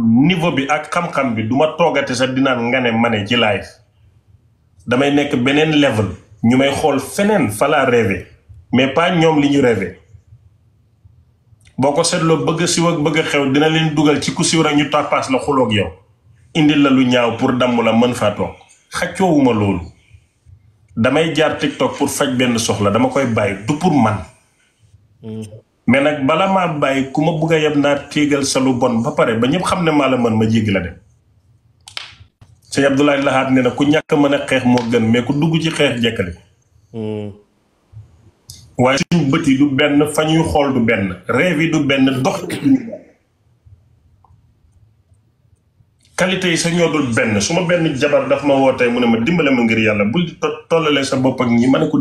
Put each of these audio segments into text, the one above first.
niveau bi ak xam-xam bi duma ma toogate sa dinaan nga ne mane ne ci live damay nekk beneen level ñu may xool feneen fa laa mais pas ñoom li ñu rêvé boo ko seetloo bëgg a ak bëgg a xew dina leen dugal ci ku siw rek ñu tàppaas la xuloog yow indi la lu ñaaw pour damm la mën faa toog xàccoowuma loolu damay jaar TikTok pour faj benn soxla dama koy bàyyi du pour man. Hmm. mais nak bala ma bay kuma bëgg yeb na tégal sa lu bon ba paré ba ñëpp xamné ne la mën ma jéggi la dem sëñ Abdoulaye Lahat né na ku ñak mëna a mo gën mais ku dugg ci xeex jékalé hmm way ci bëti du ben fañuy xol du ben rêve yi du ben dox qualité yi sa ñoo dul benn su jabar daf ma wootee mu ne ma dimbalé ma ngir yalla bul di sa bop ak ñi mané ko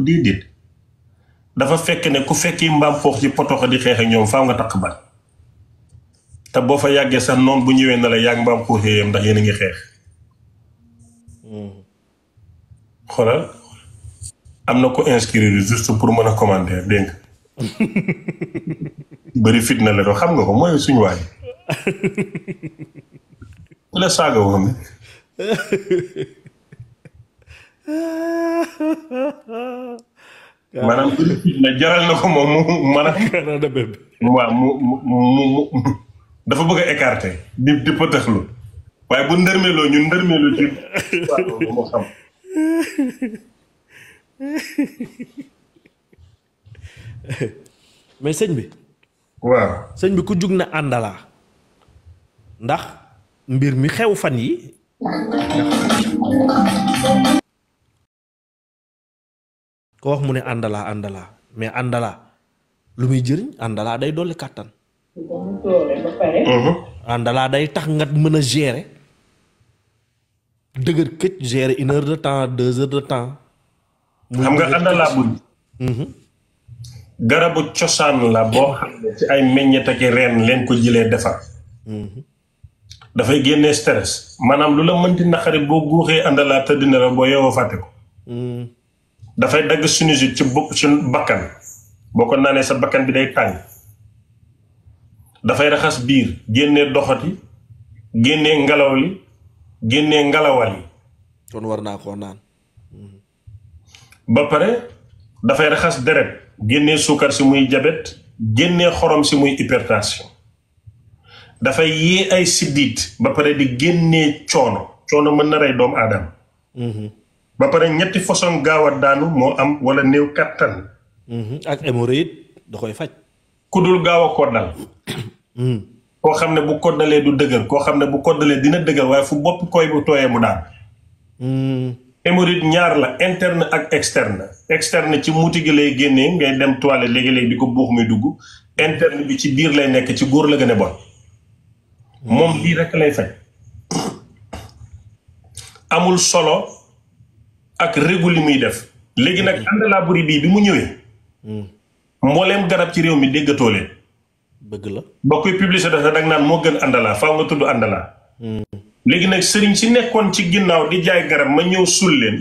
dafa fekk ne ku fekki mbaam poox ci potoxa di xeex ak ñoom faaw nga takk ban te boo fa yàggee sax noonu bu ñëwee na la yàgg mbaam pooxee yam ndax yéen a ngi xeex xoolal am na ko inscrire juste pour mën a commander dégg bëri fitna la doo xam nga ko mooy suñu waay la saaga woon ne maanaam ko moom man a dafa bëgg a écarter di di pëtëxlu sëñ bi bi ku jug na àndalaa mbir mi xew fan yi ko wax mu ne andala andala mais andala lu muy jëriñ andala day dolli kàttan mhm. andala day tax nga mën a gérer dëgër këj gérer une heure de temps deux heures de temps xam nga andala mhm. bu garabu cosaan la boo xam ne ci ay meññet ak ren leen ko jëlee defar mhm. dafay génnee stress maanaam lu la mënti naqari boo guuxee àndalaa tëdd la boo fàtte dafay dagg sinusite ci bu ci bakkan boo ko naanee sa bakkan bi day tàng dafay raxas biir génnee doxati génnee ngelaw li génnee ngelawal yi war naa koo naan ba pare dafay raxas deret génnee suukar si muy jabet génnee xorom si muy hypertension dafay yee ay siddiit ba pare di génnee coono coono mën na rey doomu aadama mhm. ba pare ñetti façon gaawa daanu moo am wala néew kattan. Mhm, ak emurid da koy faj. kudul gaaw a ko dal. Mhm. koo xam ne bu ko dalee du dëgër koo xam ne bu ko dalee dina dëgër waaye fu bopp koy bu tooyee mu daan. Mhm. hémorroïde ñaar la interne ak externe externe ci muuti gi lay génnee ngay dem toile léegi-léegi di ko buux muy dugg interne bi ci biir lay nekk ci góor la gën a bon. moom bii rek lay faj. amul solo ak régu li muy def léegi nag àndalaaburi bii bi mu ñëwee hmm. leen garab ci réew mi déggatoo leen bëgg la ba koy publicité dafa dag naan moo gën àndalaa faaw nga tudd àndalaa hmm. léegi nag sëriñ si nekkoon ci ginnaaw di jaay garab ma ñëw suul leen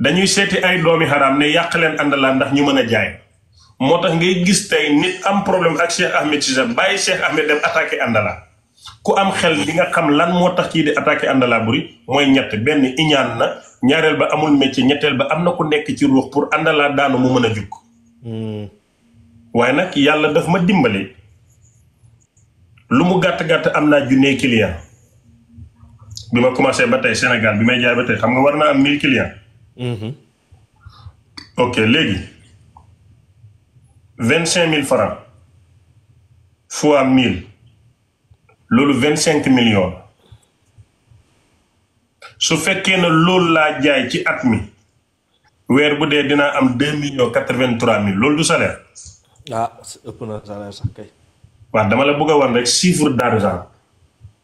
dañuy seeti ay doomi xaraam ne yàq leen àndalaa ndax ñu mën a jaay moo tax ngay gis tey nit am problème ak Cheikh Ahmed Cissé bàyyi Cheikh Ahmed dem attaqué àndalaa ku am xel di nga xam lan moo tax ci di attaqué àndalaa buri ñaareel ba amul métier ñetteel ba am na ku nekk ci ruux pour àndalaa daanu mu mën a jug hmm. waaye nag yàlla daf ma dimbali lu mu gàtt-gàtt am naa junne client bi ma commencé ba tey Sénégal bi may jaay ba tey xam nga war naa am mille clients hmm. ok léegi vingt cinq mille francs fois mille loolu vingt cinq millions su fekkee ne loolu laa jaay ci at mi weer bu dee dinaa am deux millions quatre-vingt-trois mille loolu du salaire. ah ëpp na salaire sax kay. waaw dama la bëgg a wan rek chiffre d'argent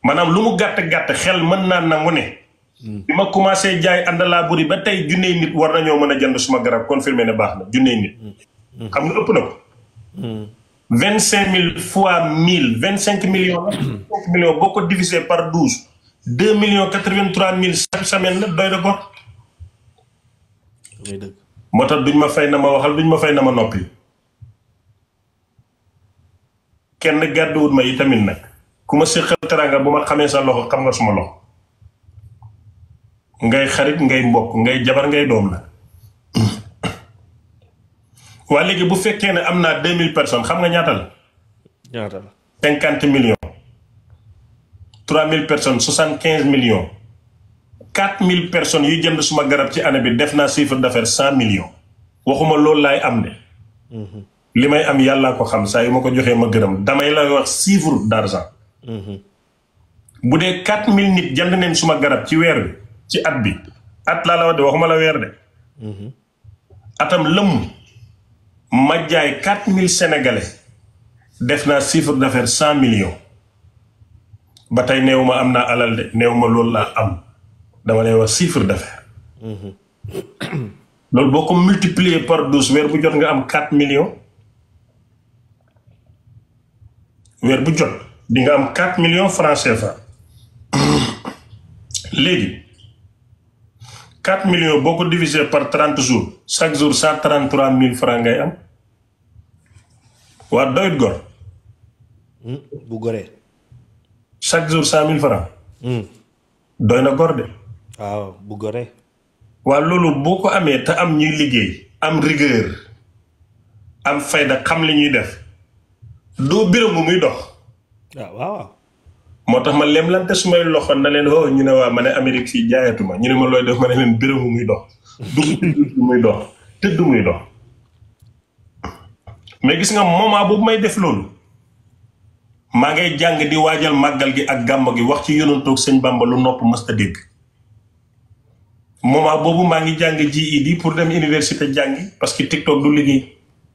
maanaam lu mu gàtt gàtt xel mën naa nangu ne. Hmm. bi ma commencé jaay àndalaa buri ba tey junney nit war nañoo mën a jënd suma garab confirmé ne baax na junney nit. Hmm. Hmm. xam nga ëpp na ko. vingt cinq mille fois mille vingt cinq millions. vingt millions boo ko divisé par douze. 2 millions 83 mille chaque semaine la doy na ko moo tax duñ ma fay nama waxal duñ ma fay na ma noppi kenn gàdduwut ma itamit nag ku ma séqal teranga bu ma sa loxo xam nga suma loxo ngay xarit ngay mbokk ngay jabar ngay doom la waa léegi bu fekkee ne am 2000 personnes xam nga ñaata la 50 millions 3000 personnes 75 millions 4000 personnes yu jënd suma garab ci année bi def na chiffre d'affaires 100 millions waxuma lool lay am de mhm. li may am yalla ko xam sa yu mako ko ma gërëm damay lay wax chiffre d'argent. argent mhm. bu dee 4000 nit jënd nañ suma garab ci weer bi ci at bi at la la wax waxuma la weer de mhm. atam lëm ma jaay 4000 sénégalais def na chiffre d'affaires 100 millions batay newuma amna alal de newuma lol la am dama lay wax chiffre d'affaires hmm lol boko multiplier par 12 wer bu jot nga am 4 millions wer bu jot di nga am 4 millions francs CFA legui 4 millions boko diviser par 30 jours chaque jour 133000 francs ngay am wa doit gor hmm bu goré chaque jour cent mille francs hmm. doy na gor de waaw bu goree waa loolu boo ko amee te am ñuy liggéey am rigueur am fayda xam li ñuy def doo biram bu muy dox ah, waaw waaw moo tax ma lemlante su may loxo na leen oh ñu ne waa ma ne Amérique fii jaayatuma ñu ne ma looy def ma ne leen biram bu muy dox dugg du muy dox tëdd muy dox mais gis nga moment boobu may def loolu ma ngay jàng di waajal màggal gi ak gàmm gi wax ci yonantoog sëñ bamba lu nopp mësta dégg moment boobu maa ngi jàng e di pour dem université jàngi parce que tiktok du liggéey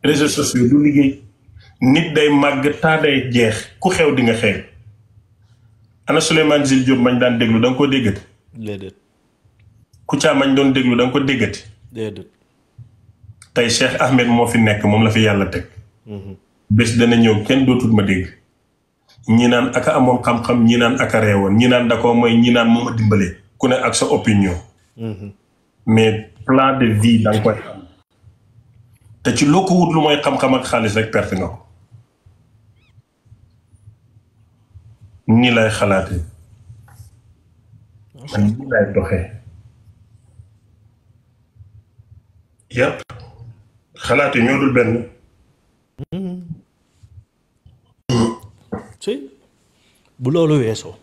réseaux sociaux du liggéey nit day màgg taa day jeex ku xew di nga xew ana Souleymane Zil Diop mañ daan déglu ko déggati déedéet Kouthia mañ doon déglu ko déggati déedéet tey Cheikh Ahmed moo fi nekk moom la fi yàlla teg mhm. bés dana ñëw kenn dootut ma dégg ñi naan aka amoon xam-xam ñi naan aka reewoon ñi naan da mooy ñi naan moom a dimbale ku ne ak sa opinion. Mhm. mais plan de vie da koy te ci loo ko wut lu mooy xam-xam ak xaalis rek perte ko. nii lay xalaatee. man nii lay doxee. yàpp xalaat yi ñoo dul benn. Mhm. si bu loolu weesoo.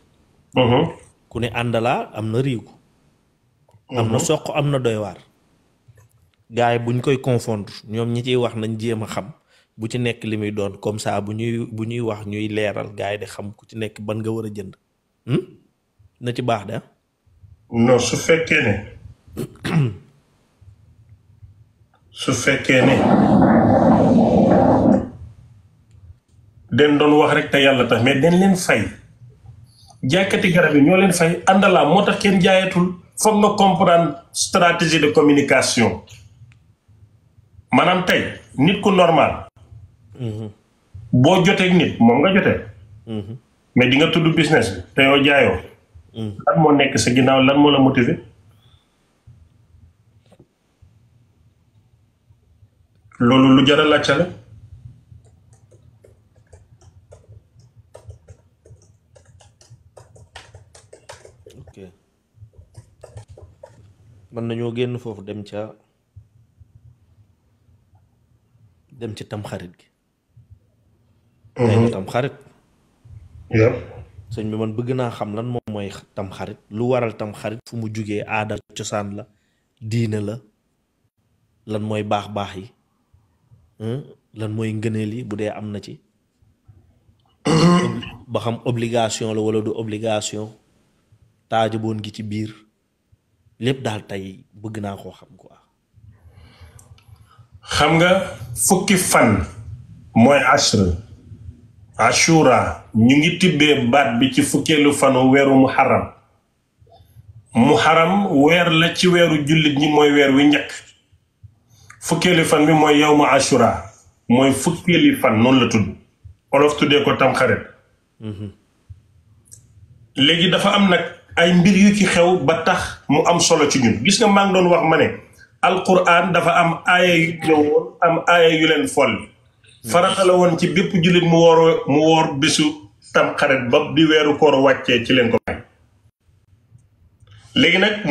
Uh-huh. ku ne àndalaa am na riigu. am na uh-huh. soq am na doywaar waar. gars yi buñ koy confondre ñoom ñi ciy wax nañ jéem a xam bu ci nekk li muy doon comme ça bu ñuy bu ñuy wax ñuy leeral gars yi di xam ku ci nekk ban nga war a jënd. Hmm? na ci baax de. Ah. non su fekkee ne. su fekkee ne. den doon wax rek te yàlla tax mais den leen fay jaaykati garab yi ñoo leen fay àndalaam moo tax kenn jaayatul foog nga comprendre stratégie de communication maanaam tey nit ku normal. Mhm. boo jotee nit moom nga jotee. Mhm. mais di nga tudd business bi te jaayoo. Mhm. lan moo nekk sa ginnaaw lan moo la motiver. loolu lu jar a laajte la. mën nañoo génn foofu dem ca dem ci tamxarit gi. Mhm. tey nga tamxarit. sëñ bi man bëgg naa xam lan moom mooy tamxarit lu waral tamxarit fu mu jógee aada cosaan la diine la lan mooy baax baax yi hmm? lan mooy ngëneel yi bu dee am na ci. ba xam obligation la wala du obligation taajaboon gi ci biir. lépp daal tey bëgg naa ko xam quoi. xam nga fukki fan mooy ashr ashura ñu ngi tibbee baat bi ci fukkeelu fanu weeru muharram muharram weer la ci weeru jullit ñi mooy weer wi njëkk fukkeelu fan bi mooy yawmu ashura mooy fukkeeli fan noonu la tudd olof tuddee ko tamxarit mhm. léegi dafa am nag ay mbir yu ci xew ba tax mu am solo ci ñun gis nga maa ngi doon wax ma alquran dafa am aaya yu am aaya yu leen folli farata la woon ci bépp julit mu woor mu woor bisu tam xarit ba bi weeru koor wàccee ci leen ko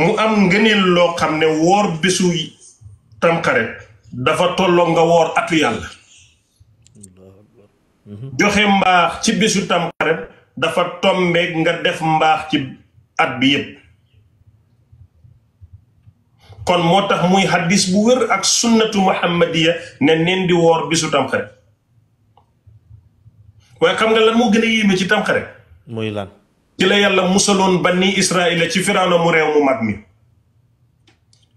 mu am ngëneel lo xam ne bisu tam xarit dafa tolloo nga woor atu yàlla joxe mbaax ci bisu tam xarit dafa tombe nga def mbaax ci at bi yépp kon moo tax muy hadis bu wér ak sunnatu muhammadiya ne neen di woor bisu tamxarit waaye xam nga lan moo gën a yéeme ci tamxarit muy lan ci la yàlla musaloon banni la ci firaana mu réew mu mag mi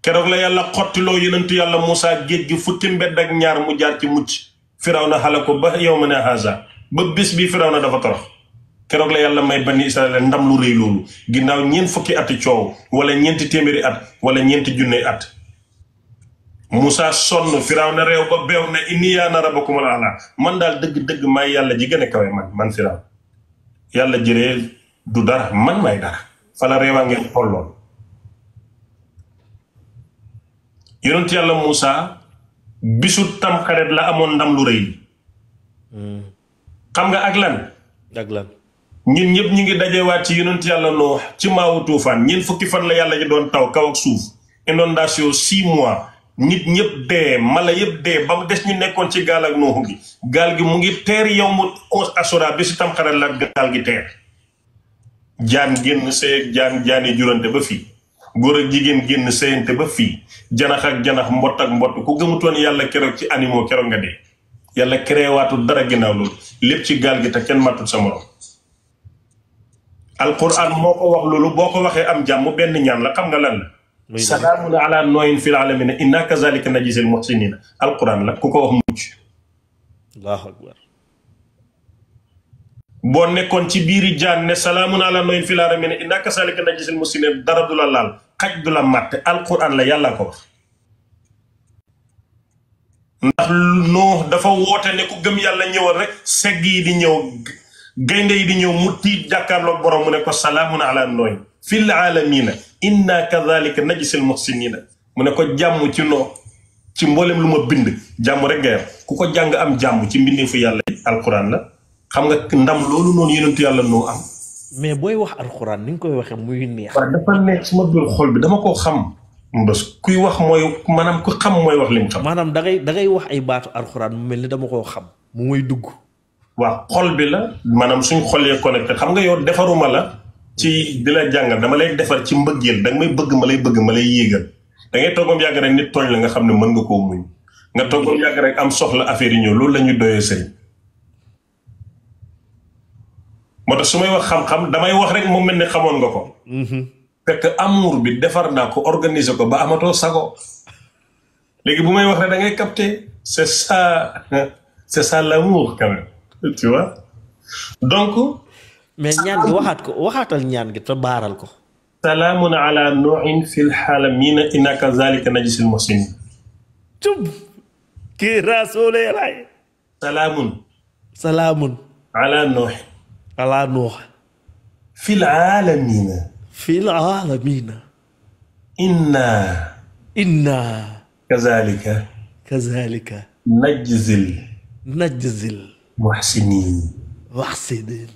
keroog la yàlla xottiloo yonentu yàlla Muusaa géej gi fukki mbedd ak ñaar mu jaar ci mucc firaw na xala ko ba yow ma ba bés bi firaw na dafa torox kérok la yalla may bani israël ndam lu reuy loolu ginnaw ñeen fukki ati coow wala ñeenti téméré at wala ñeenti junne at Musa son firaw na rew ba bew na inni na rabbukum ala man dal deug deug may yalla ji gëna kawé man man firaw yalla jëree du dara man may dara fala réewaa ngeen tollon yonent yalla musa bisu la amon ndam lu hmm xam nga ak lan ak lan ñun ñëpp ñu ngi waat ci yonent yalla no ci maawu tufan ñeen fukki fan la yalla ji doon taw kaw ak suuf inondation 6 mois nit ñëpp dee mala yëpp dee ba mu dess ñu nekkon ci gal ak no gi gal gi mu ngi teer yow mu onze asura bi ci tam xaral la gal gi teer jaan génn seeg jaan jaani jurante ba fi goor ak jigen genn seyante ba fi janax ak janax mbott ak mbott ku gëmutoon yalla ci animo nga yalla créé dara ginaaw lu lepp ci gal gi ta kenn matul sa alquran moo ko wax loolu boo ko waxee am jàmm benn ñaan la xam nga lan la salaamun ala nooyin fil alamina inna kazalika najzil muhsinina alquran la ku ko wax mucc boo nekkoon ci biiri jaan ne salaamun ala nooyin fil alamina inna kazalika najzil muhsinina dara du la laal xaj du la màtt alquran la yàlla ko wax ndax noo dafa woote ne ku gëm yàlla ñëwal rek segg yi di ñëw gaynde yi di ñëw mu tiit jàkkaarloog borom mu ne ko salaamun ala nooy fil aalamiina inna kadhalika najsil muhsinina mu ne ko jàmm ci noo ci mboolem lu ma bind jàmm rek nga ku ko jàng am jàmm ci mbindeefu yàlla yi alquran la xam nga ndam loolu noonu yonentu yàlla noo am. mais booy wax alquran ni nga koy waxee muy neex. waaw dafa neex suma biir xol bi dama koo xam. mbës kuy wax mooy manam ku xam mooy wax li mu xam. maanaam da ngay da ngay wax ay baatu alquran mu mel ni dama koo xam. mu muy dugg. waa xol bi la manam suñ xol yee connecté xam nga yow defaruma la ci di la jàngal dama lay defar ci mbëggeel da may bëgg ma lay bëgg ma lay yéegal da ngay togom yàgg rek nit tooñ la nga xam ne mën nga koo muñ nga togom yàgg rek am soxla affaire yi ñëw loolu la ñu doyee sëriñ moo tax su may wax xam-xam damay wax rek mu mel xamoon nga ko mm-hmm. fekk amour bi defar naa ko organiser ko ba amatoo sago léegi bu may wax rek da ngay capté c'est ça c'est ça l'amour quand même tu vois donc. mais ñaan gi waxat ko waxatal ñaan gi te baaral ko. salaamun ala nu'in fil xaalamiina inaka zalika najisul muslim tub kii raasule yalaay. salaamun. salaamun. ala nuh ala nuh fil aalamiina. fil aalamiina. inna. inna. كذلك كذلك نجزل نجزل محسنين محسنين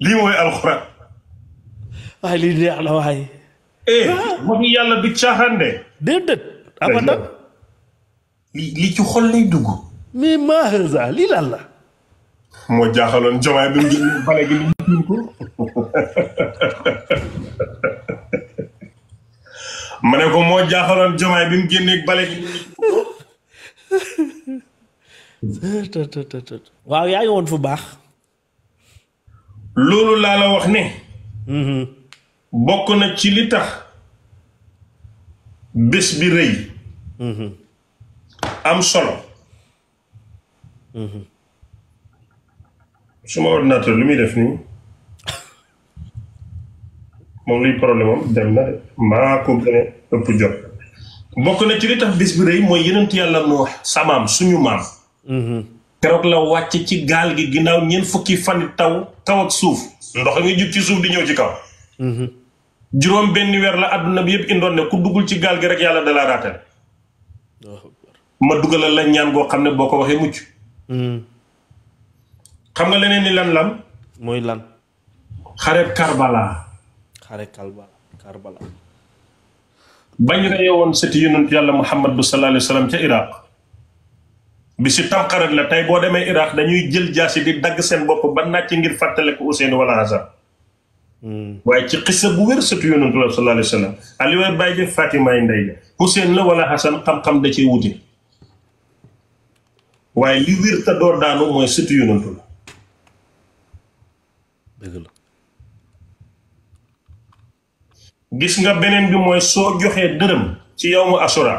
ليه وهي الاخرى هاي لي دي على هاي ايه ما في يلا بتشاهنده ديد ابدا لي لي تي خول لي دغو مي ما هذا لي لا لا مو جاخلون جماي بن بالي ma ne ko moo jaaxaloon jomaay bi mu génneeg bale gi. waaw yaa woon fu baax. loolu laa la wax ne. Mm-hmm. bokk na ci li tax bés bi rëy. Mm-hmm. am sol mm-hmm. suma ordinateur lu muy def nii. moom luy problème am dem na de maa ko gën a ëpp jot bokk na ci li tax bis bi rey mooy yenent yàlla noo samaam suñu maam mm-hmm. keroog la wàcc ci gaal gi ginnaaw ñeent fukki fan taw kaw ak suuf ndox a ngi jug ci suuf di ñëw ci kaw mm-hmm. juróom benn weer la àdduna bi yëpp indoon ne ku duggul ci gaal gi rek yàlla dalaa raatal ma dugalal la ñaan goo xam ne boo ko waxee mucc mm-hmm. xam nga leneen ni lan lan mooy lan xareeb Karbala xare Karbala Karbala bañ reyewoon sëti yonent yàlla Muhammad bu sallallahu alayhi ca Iraq bi si tamxarit la tey boo demee Iraq dañuy jël jaasi di dagg seen bopp ba nàcc ngir fàttale ko Ousseyni wala Hassan hmm. waaye ci xisa bu wér sëtu yonent la sallallahu alayhi wa sallam Aliou Baye ndey la Ousseyni la wala Hassan xam-xam da cee wuti waaye li wér te door daanu mooy sëtu yonent la gis nga beneen bi mooy soo joxee dërëm ci yow mu asura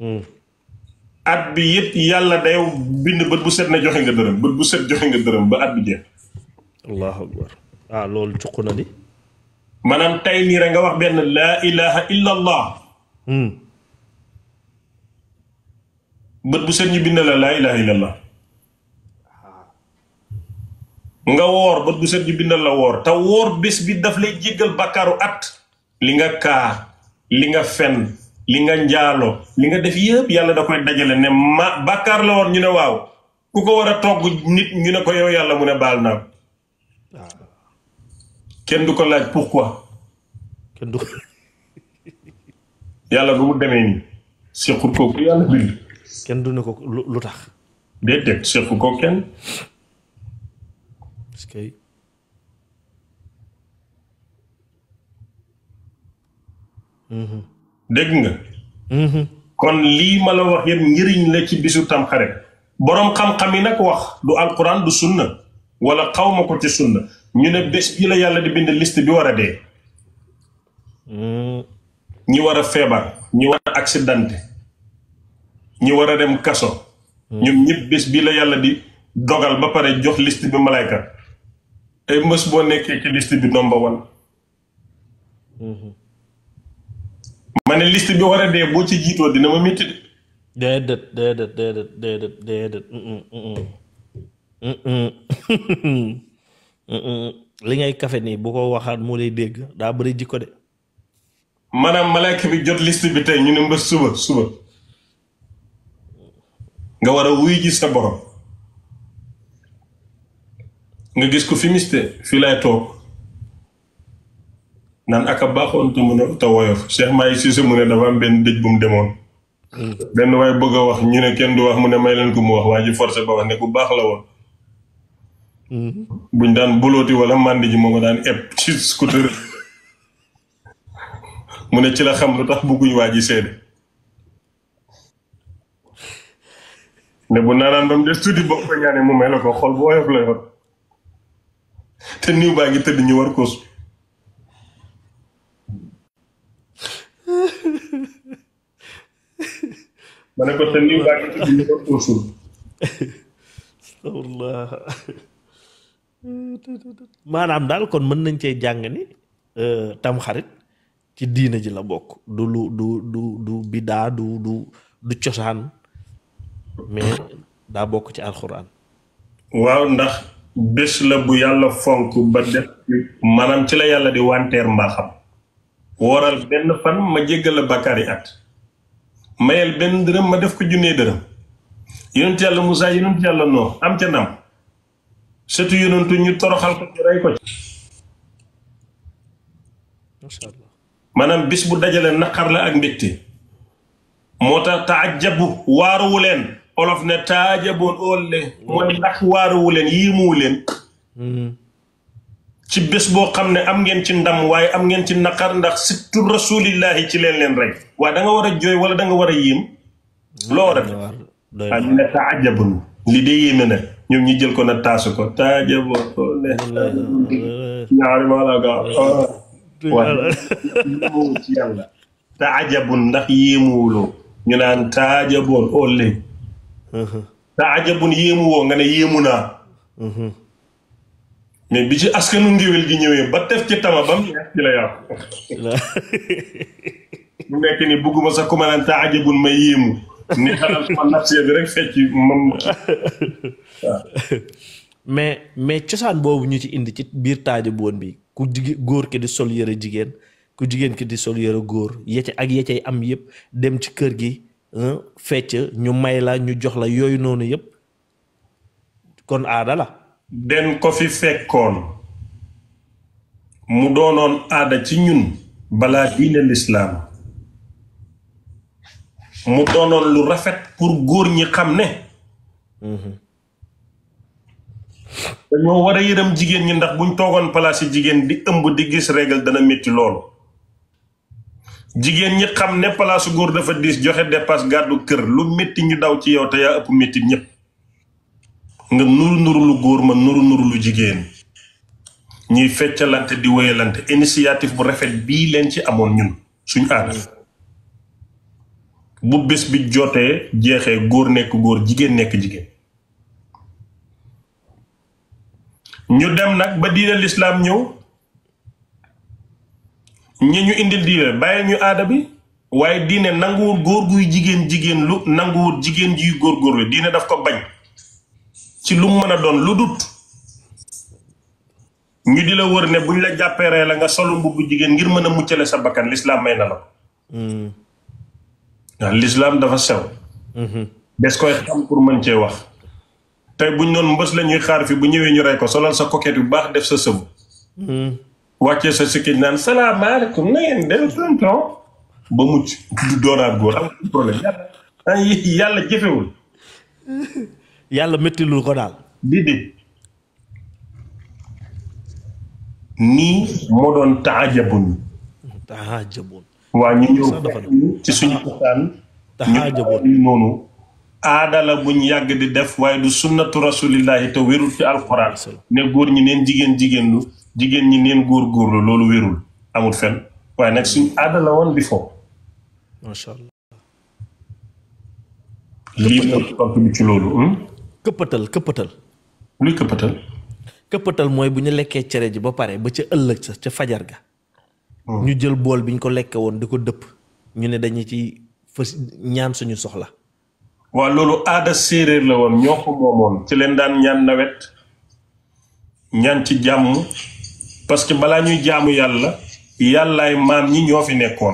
hmm. at bi yëpp yàlla day bind bët bu set na joxe nga dërëm bu set joxe nga dërëm ba at bi jeex allahu akbar ah loolu cuq na di maanaam tey nii rek nga wax benn laa ilaha illa allah hmm. bu set ñu bind la laa ilaha illa nga woor bët bu set ñu bindal la woor te woor bés bi daf lay jéggal bàkkaaru at li nga kaa li nga fen li nga njaalo li nga def yëpp yàlla da koy dajale ne ma bàkkaar la woon ñu ne waaw ku ko war a togg nit ñu ne ko yow yàlla mu ne baal naa ko ah. du ko laaj pourquoi kenn du ko yàlla mu demee nii sequt ko yàlla bind kenn du ne ko lu tax déedéet sequt ko kenn dégg nga. kon li ma la wax yeb njëriñ la ci bisu xare borom xam xami nak wax du alquran du sunna wala xaw ko ci sunna ñu ne bes bi la yalla di bind liste bi wara de ñi wara febar ñi wara ñi wara dem kasso ñum ñep bes bi la yalla di dogal ba pare jox liste bi malaika ay mës bo nekkee ci liste bi nomba ma ne liste bi war a dee boo ci jiitoo dina ma métti de. déedéet déedéet déedéet déedéet li ngay kafe nii bu ko waxaat moo lay dégg daa bëri jikko de. maanaam malaaka bi jot liste bi tey ñu ne mbër suba suba nga war a wuy ji sa borom nga gis ko fi miste fii laay toog. nan aka baxon te mën ta woyof cheikh may sise mu ne dafa am ben dëj bu mu demoon hmm. benn waay bëgg wax ñu ne kenn du wax mu ne may leen ko mu wax waji ji forcé ba wax ne ku bax la woon hmm. buñ daan bulooti wala mandi ji moo daan ep ci scooter mu ne ci la xam lutax ne bu bam bokk ñane mu ko xol bu woyof la yor te niw baa ngi ñu war ko ma ko te niw baa ngi ko kon mën nañ ni tam xarit ci diina ji la du du du du du du du cosaan mais daa bokk ci alquran waaw ndax bés la bu yàlla fonk ba def maanaam ci la yàlla di wanteer mbaaxam wooral mayel benn dërëm ma def ko junnee dërëm yonent yàlla Moussa yonent yàlla noo am ca ndam surtout yonentu ñu toroxal ko ci ko ci maanaam bis bu dajale naqar la ak mbégte moo tax taajabu waaruwu leen olof ne taajaboon óolle mooy ndax waaruwu leen yéemuwu leen mm-hmm. ci bés boo xam ne am ngeen ci ndam waaye am ngeen ci naqar ndax sittu rasulillahi ci leen leen rek waaye danga war a jooy wala danga war a yéem loo war a ne taajabun li dee yéeme ñu jël ko na taasu ko taajabun ñaari maa la gaaw ci ndax yéemuwuloo ñu naan taajabun ole taajabun yéemuwoo nga ne naa mais bi ci askanu ngéwél gi ñëwee ba tef ci tama bam mu nekk ni bugguma sax ku ma naan taajabun ma yéemu ni xalal ma nafsee bi rek fecc moom mais mais cosaan boobu ñu ci indi ci biir taajaboon bi ku jigéen góor ki di sol yëre jigéen ku jigéen ki di sol yëre góor yecce ak yeccey am yépp dem ci kër gi fecc ñu may la ñu jox la yooyu noonu yëpp kon aada den ko fi fekkoon mu doonoon aada ci ñun balaa diine lislaam mu doonoon lu rafet pour góor ñi xam ne mhm. dañoo war a yërëm jigéen ñi ndax buñ toogoon place yi jigéen di ëmb di gis régal dana métti lool jigéen ñi xam ne place góor dafa diis joxe dépasse gàddu kër lu métti ñu daw ci yow te yaa ëpp métti ñëpp nga nuru nuru lu góor ma nuru nuru lu jigéen ñuy feccalante di wéyalante initiative bu rafet bii leen ci amoon ñun suñ aada bu bés bi jotee jeexee góor nekk góor jigéen nekk jigéen ñu dem nag ba diine lislaam ñëw ñi ñu indil diine bàyyi ñu aada bi waaye diine nanguwul góor guy jigéen jigéen lu nanguwul jigéen juy góor góorlu diine daf ko bañ ci lu mën a doon lu dut ñu di la wër ne buñ la jàppeeree la nga solo mbubb jigen ngir mën muccélé sa bakkan l'islam may na la ndax hmm. l'islam dafa sew hmm. des koy xam pour mën ci wax tay buñ non mbeus lañuy xaar fi bu ñëwé ñu ray ko solal sa coquette yu bax def sa hmm wàccee sa nan salam alaykum na ngeen dem tonton ba mucc du doonaat goor am problème yalla yàlla jëfewul yàlla méttilul ko daal. lii nii moo doon taajabun. taajabun. waa ñu ñëw ci suñu waxtaan. aadala buñ yàgg di def waaye du sunnatu rasulillahi te wérul ci alxuraan. ne góor ñi neen jigéen jigéen lu jigéen ñi neen góor góorlu loolu wérul amul fenn waaye nag suñ aada woon bi foofu. macha allah. lii mooy tontu bi ci loolu. Hmm? këppatal këppatal. luy këppatal. këppatal mooy bu ñu lekkee cere ji ba pare ba ca ëllëg sa ca fajar ga. Hmm. ñu jël bool bi ñu ko lekke woon di ko dëpp ñu ne dañu ci fës ñaan suñu soxla. waa loolu aada séeréer la woon ñoo ko moomoon ci leen daan ñaan nawet ñaan ci jàmm parce que balaa ñuy jaamu yàlla yàllaay maam ñi ñoo fi nekkoon.